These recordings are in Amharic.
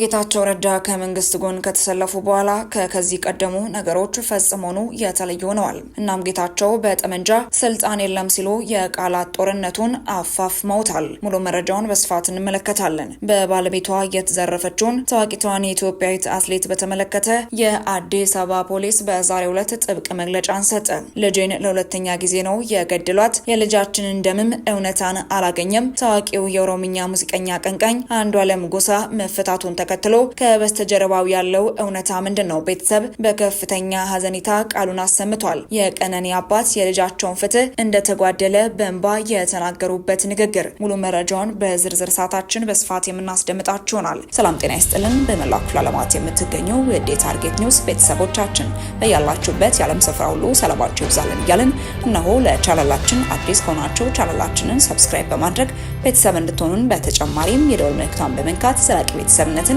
ጌታቸው ረዳ ከመንግስት ጎን ከተሰለፉ በኋላ ከከዚህ ቀደሙ ነገሮች ፈጽሞኑ የተለዩ ሆነዋል። እናም ጌታቸው በጠመንጃ ስልጣን የለም ሲሉ የቃላት ጦርነቱን አፋፍመውታል። ሙሉ መረጃውን በስፋት እንመለከታለን። በባለቤቷ የተዘረፈችውን ታዋቂቷን የኢትዮጵያዊት አትሌት በተመለከተ የአዲስ አበባ ፖሊስ በዛሬው ዕለት ጥብቅ መግለጫን ሰጠ። ልጄን ለሁለተኛ ጊዜ ነው የገድሏት። የልጃችንን ደምም እውነታን አላገኘም። ታዋቂው የኦሮምኛ ሙዚቀኛ አቀንቃኝ አንዷለም ጎሳ መፈታቱን ተከትሎ ከበስተጀርባው ያለው እውነታ ምንድን ነው? ቤተሰብ በከፍተኛ ሀዘኒታ ቃሉን አሰምቷል። የቀነኒ አባት የልጃቸውን ፍትህ እንደተጓደለ በእንባ የተናገሩበት ንግግር ሙሉ መረጃውን በዝርዝር ሰዓታችን በስፋት የምናስደምጣችሁ ይሆናል። ሰላም ጤና ይስጥልን። በመላው ክፍለ ዓለማት የምትገኙ የዴ ታርጌት ኒውስ ቤተሰቦቻችን በያላችሁበት የዓለም ስፍራ ሁሉ ሰላማችሁ ይብዛልን እያልን እነሆ ለቻናላችን አዲስ ከሆናችሁ ቻናላችንን ሰብስክራይብ በማድረግ ቤተሰብ እንድትሆኑን በተጨማሪም የደወል ምልክቷን በመንካት ዘላቂ ቤተሰብነትን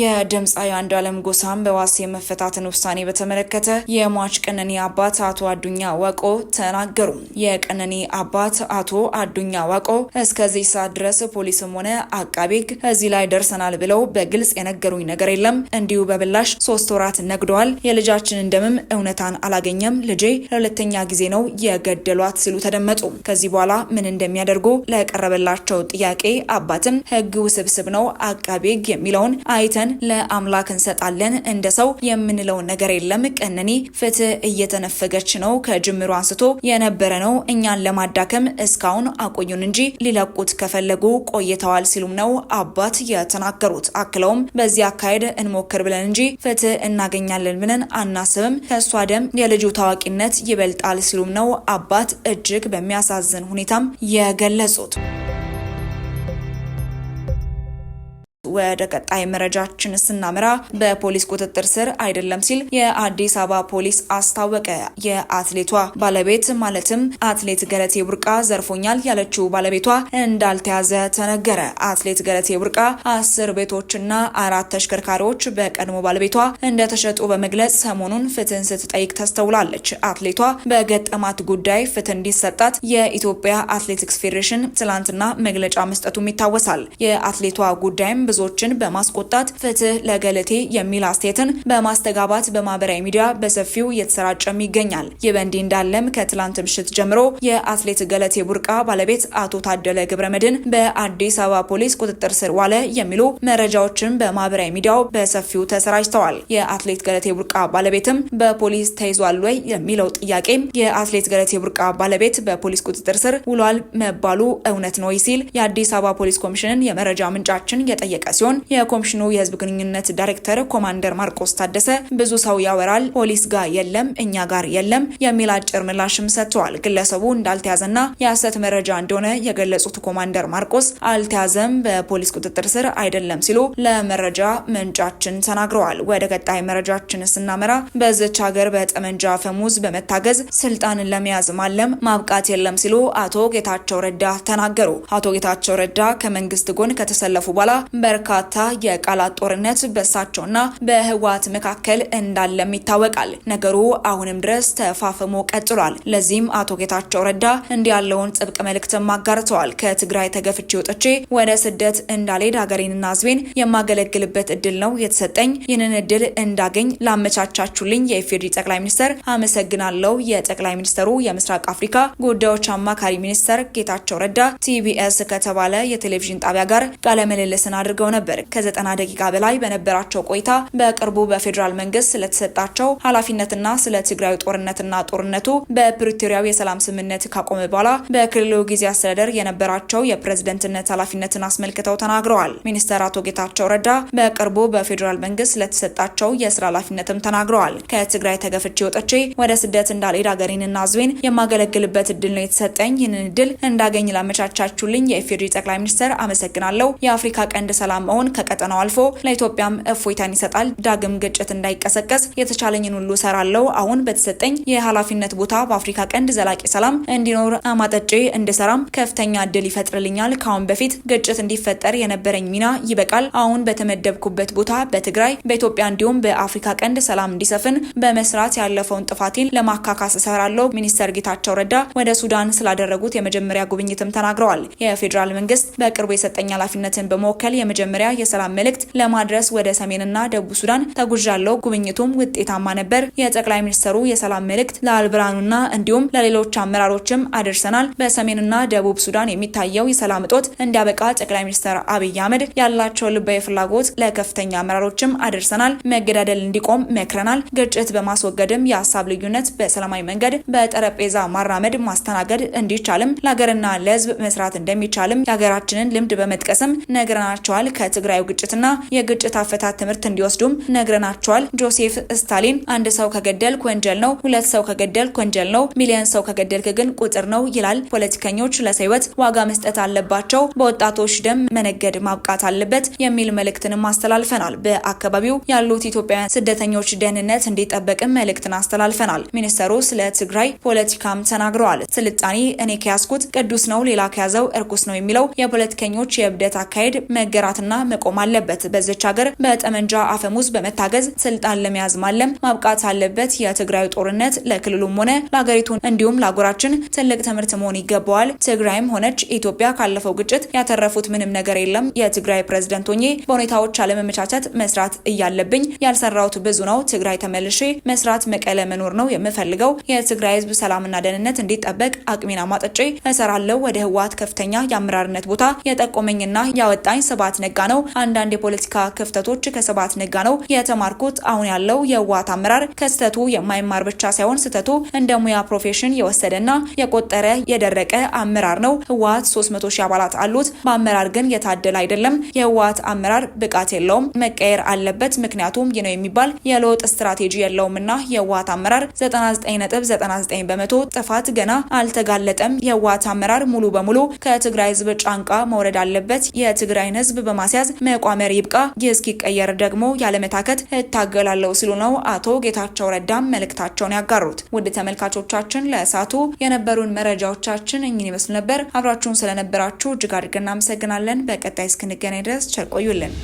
የድምፃዊ አለም ጎሳም በዋስ የመፈታትን ውሳኔ በተመለከተ የሟች ቀነኒ አባት አቶ አዱኛ ወቆ ተናገሩ። የቀነኒ አባት አቶ አዱኛ ወቆ እስከዚህ ሰዓት ድረስ ፖሊስም ሆነ አቃቤ ሕግ እዚህ ላይ ደርሰናል ብለው በግልጽ የነገሩኝ ነገር የለም። እንዲሁ በብላሽ ሶስት ወራት ነግደዋል። የልጃችንን ደምም እውነታን አላገኘም። ልጄ ለሁለተኛ ጊዜ ነው የገደሏት ሲሉ ተደመጡ። ከዚህ በኋላ ምን እንደሚያደርጉ ለቀረበላቸው ጥያቄ አባትም ሕግ ውስብስብ ነው አቃቤ ሕግ የሚለውን አይተ አብዝተን ለአምላክ እንሰጣለን። እንደ ሰው የምንለው ነገር የለም። ቀነኒ ፍትህ እየተነፈገች ነው። ከጅምሩ አንስቶ የነበረ ነው። እኛን ለማዳከም እስካሁን አቆዩን እንጂ ሊለቁት ከፈለጉ ቆይተዋል ሲሉም ነው አባት የተናገሩት። አክለውም በዚህ አካሄድ እንሞክር ብለን እንጂ ፍትህ እናገኛለን ብለን አናስብም። ከእሷ ደም የልጁ ታዋቂነት ይበልጣል ሲሉም ነው አባት እጅግ በሚያሳዝን ሁኔታም የገለጹት። ወደ ቀጣይ መረጃችን ስናመራ በፖሊስ ቁጥጥር ስር አይደለም ሲል የአዲስ አበባ ፖሊስ አስታወቀ። የአትሌቷ ባለቤት ማለትም አትሌት ገለቴ ቡርቃ ዘርፎኛል ያለችው ባለቤቷ እንዳልተያዘ ተነገረ። አትሌት ገለቴ ቡርቃ አስር ቤቶችና አራት ተሽከርካሪዎች በቀድሞ ባለቤቷ እንደተሸጡ በመግለጽ ሰሞኑን ፍትህን ስትጠይቅ ተስተውላለች። አትሌቷ በገጠማት ጉዳይ ፍትህ እንዲሰጣት የኢትዮጵያ አትሌቲክስ ፌዴሬሽን ትላንትና መግለጫ መስጠቱም ይታወሳል። የአትሌቷ ጉዳይም ብዙ ብዙዎችን በማስቆጣት ፍትህ ለገለቴ የሚል አስተያየትን በማስተጋባት በማህበራዊ ሚዲያ በሰፊው እየተሰራጨም ይገኛል። ይህ በእንዲህ እንዳለም ከትላንት ምሽት ጀምሮ የአትሌት ገለቴ ቡርቃ ባለቤት አቶ ታደለ ገብረመድን በአዲስ አበባ ፖሊስ ቁጥጥር ስር ዋለ የሚሉ መረጃዎችን በማህበራዊ ሚዲያው በሰፊው ተሰራጭተዋል። የአትሌት ገለቴ ቡርቃ ባለቤትም በፖሊስ ተይዟል ወይ የሚለው ጥያቄ የአትሌት ገለቴ ቡርቃ ባለቤት በፖሊስ ቁጥጥር ስር ውሏል መባሉ እውነት ነው ሲል የአዲስ አበባ ፖሊስ ኮሚሽንን የመረጃ ምንጫችን የጠየቀ ሲሆን የኮሚሽኑ የህዝብ ግንኙነት ዳይሬክተር ኮማንደር ማርቆስ ታደሰ ብዙ ሰው ያወራል፣ ፖሊስ ጋር የለም፣ እኛ ጋር የለም የሚል አጭር ምላሽም ሰጥተዋል። ግለሰቡ እንዳልተያዘና የሐሰት መረጃ እንደሆነ የገለጹት ኮማንደር ማርቆስ አልተያዘም፣ በፖሊስ ቁጥጥር ስር አይደለም ሲሉ ለመረጃ ምንጫችን ተናግረዋል። ወደ ቀጣይ መረጃችን ስናመራ በዚች ሀገር በጠመንጃ ፈሙዝ በመታገዝ ስልጣንን ለመያዝ ማለም ማብቃት የለም ሲሉ አቶ ጌታቸው ረዳ ተናገሩ። አቶ ጌታቸው ረዳ ከመንግስት ጎን ከተሰለፉ በኋላ በርካታ የቃላት ጦርነት በእሳቸውና በህወሓት መካከል እንዳለም ይታወቃል። ነገሩ አሁንም ድረስ ተፋፍሞ ቀጥሏል። ለዚህም አቶ ጌታቸው ረዳ እንዲህ ያለውን ጥብቅ መልእክትም አጋርተዋል። ከትግራይ ተገፍቼ ወጥቼ ወደ ስደት እንዳልሄድ ሀገሬንና ህዝቤን የማገለግልበት እድል ነው የተሰጠኝ። ይህንን እድል እንዳገኝ ላመቻቻችሁልኝ የኢፌዴሪ ጠቅላይ ሚኒስተር አመሰግናለሁ። የጠቅላይ ሚኒስተሩ የምስራቅ አፍሪካ ጉዳዮች አማካሪ ሚኒስተር ጌታቸው ረዳ ቲቢኤስ ከተባለ የቴሌቪዥን ጣቢያ ጋር ቃለ ምልልስን አድርገው ተናግረው ነበር። ከዘጠና ደቂቃ በላይ በነበራቸው ቆይታ በቅርቡ በፌዴራል መንግስት ስለተሰጣቸው ኃላፊነትና ስለ ትግራይ ጦርነትና ጦርነቱ በፕሪቶሪያው የሰላም ስምምነት ካቆመ በኋላ በክልሉ ጊዜ አስተዳደር የነበራቸው የፕሬዝደንትነት ኃላፊነትን አስመልክተው ተናግረዋል። ሚኒስተር አቶ ጌታቸው ረዳ በቅርቡ በፌዴራል መንግስት ስለተሰጣቸው የስራ ኃላፊነትም ተናግረዋል። ከትግራይ ተገፍቼ ወጥቼ ወደ ስደት እንዳልሄድ አገሬንና ሕዝቤን የማገለግልበት እድል ነው የተሰጠኝ። ይህንን እድል እንዳገኝ ላመቻቻችሁልኝ የኢፌዴሪ ጠቅላይ ሚኒስተር አመሰግናለሁ። የአፍሪካ ቀንድ ሰላም መሆን ከቀጠናው አልፎ ለኢትዮጵያም እፎይታን ይሰጣል። ዳግም ግጭት እንዳይቀሰቀስ የተቻለኝን ሁሉ እሰራለሁ። አሁን በተሰጠኝ የኃላፊነት ቦታ በአፍሪካ ቀንድ ዘላቂ ሰላም እንዲኖር አማጠጬ እንድሰራም ከፍተኛ እድል ይፈጥርልኛል። ከአሁን በፊት ግጭት እንዲፈጠር የነበረኝ ሚና ይበቃል። አሁን በተመደብኩበት ቦታ በትግራይ በኢትዮጵያ እንዲሁም በአፍሪካ ቀንድ ሰላም እንዲሰፍን በመስራት ያለፈውን ጥፋቴን ለማካካስ እሰራለሁ። ሚኒስተር ጌታቸው ረዳ ወደ ሱዳን ስላደረጉት የመጀመሪያ ጉብኝትም ተናግረዋል። የፌዴራል መንግስት በቅርቡ የሰጠኝ ኃላፊነትን በመወከል የመጀመ የመጀመሪያ የሰላም መልእክት ለማድረስ ወደ ሰሜንና ደቡብ ሱዳን ተጉዣለው። ጉብኝቱም ውጤታማ ነበር። የጠቅላይ ሚኒስትሩ የሰላም መልእክት ለአልብራኑና እንዲሁም ለሌሎች አመራሮችም አድርሰናል። በሰሜንና ደቡብ ሱዳን የሚታየው የሰላም እጦት እንዲያበቃ ጠቅላይ ሚኒስትር አብይ አህመድ ያላቸው ልባዊ ፍላጎት ለከፍተኛ አመራሮችም አድርሰናል። መገዳደል እንዲቆም መክረናል። ግጭት በማስወገድም የሀሳብ ልዩነት በሰላማዊ መንገድ በጠረጴዛ ማራመድ ማስተናገድ እንዲቻልም ለሀገርና ለህዝብ መስራት እንደሚቻልም የሀገራችንን ልምድ በመጥቀስም ነግረናቸዋል። ከትግራዩ ግጭትና የግጭት አፈታት ትምህርት እንዲወስዱም ነግረናቸዋል። ጆሴፍ ስታሊን አንድ ሰው ከገደልክ ወንጀል ነው፣ ሁለት ሰው ከገደልክ ወንጀል ነው፣ ሚሊዮን ሰው ከገደልክ ግን ቁጥር ነው ይላል። ፖለቲከኞች ለሰይወት ዋጋ መስጠት አለባቸው፣ በወጣቶች ደም መነገድ ማብቃት አለበት የሚል መልእክትንም አስተላልፈናል። በአካባቢው ያሉት ኢትዮጵያውያን ስደተኞች ደህንነት እንዲጠበቅም መልእክትን አስተላልፈናል። ሚኒስተሩ ስለ ትግራይ ፖለቲካም ተናግረዋል። ስልጣኔ እኔ ከያዝኩት ቅዱስ ነው፣ ሌላ ከያዘው እርኩስ ነው የሚለው የፖለቲከኞች የእብደት አካሄድ መገራትና መውጣትና መቆም አለበት። በዚች ሀገር በጠመንጃ አፈሙዝ በመታገዝ ስልጣን ለመያዝ ማለም ማብቃት አለበት። የትግራዩ ጦርነት ለክልሉም ሆነ ለሀገሪቱ እንዲሁም ለአህጉራችን ትልቅ ትምህርት መሆን ይገባዋል። ትግራይም ሆነች ኢትዮጵያ ካለፈው ግጭት ያተረፉት ምንም ነገር የለም። የትግራይ ፕሬዝደንት ሆኜ በሁኔታዎች አለመመቻቸት መስራት እያለብኝ ያልሰራሁት ብዙ ነው። ትግራይ ተመልሼ መስራት መቀለ መኖር ነው የምፈልገው። የትግራይ ህዝብ ሰላምና ደህንነት እንዲጠበቅ አቅሜን አሟጥጬ እሰራለሁ። ወደ ህወሓት ከፍተኛ የአመራርነት ቦታ የጠቆመኝና ያወጣኝ ስባት ነጋ ነጋ ነው። አንዳንድ የፖለቲካ ክፍተቶች ከስብሐት ነጋ ነው የተማርኩት። አሁን ያለው የህወሓት አመራር ከስህተቱ የማይማር ብቻ ሳይሆን ስህተቱ እንደ ሙያ ፕሮፌሽን የወሰደና የቆጠረ የደረቀ አመራር ነው። ህወሓት 300 ሺህ አባላት አሉት። በአመራር ግን የታደለ አይደለም። የህወሓት አመራር ብቃት የለውም፣ መቀየር አለበት። ምክንያቱም ይህ ነው የሚባል የለውጥ ስትራቴጂ የለውምና የህወሓት አመራር 99.99 በመቶ ጥፋት ገና አልተጋለጠም። የህወሓት አመራር ሙሉ በሙሉ ከትግራይ ህዝብ ጫንቃ መውረድ አለበት። የትግራይን ህዝብ ለማስያዝ መቋመር ይብቃ፣ ቀየር ደግሞ ያለመታከት እታገላለሁ ሲሉ ነው አቶ ጌታቸው ረዳም መልእክታቸውን ያጋሩት። ውድ ተመልካቾቻችን ለእሳቱ የነበሩን መረጃዎቻችን እኝን ይመስሉ ነበር። አብራችሁን ስለነበራችሁ እጅግ አድርገን እናመሰግናለን። በቀጣይ እስክንገናኝ ድረስ ቸር ቆዩልን።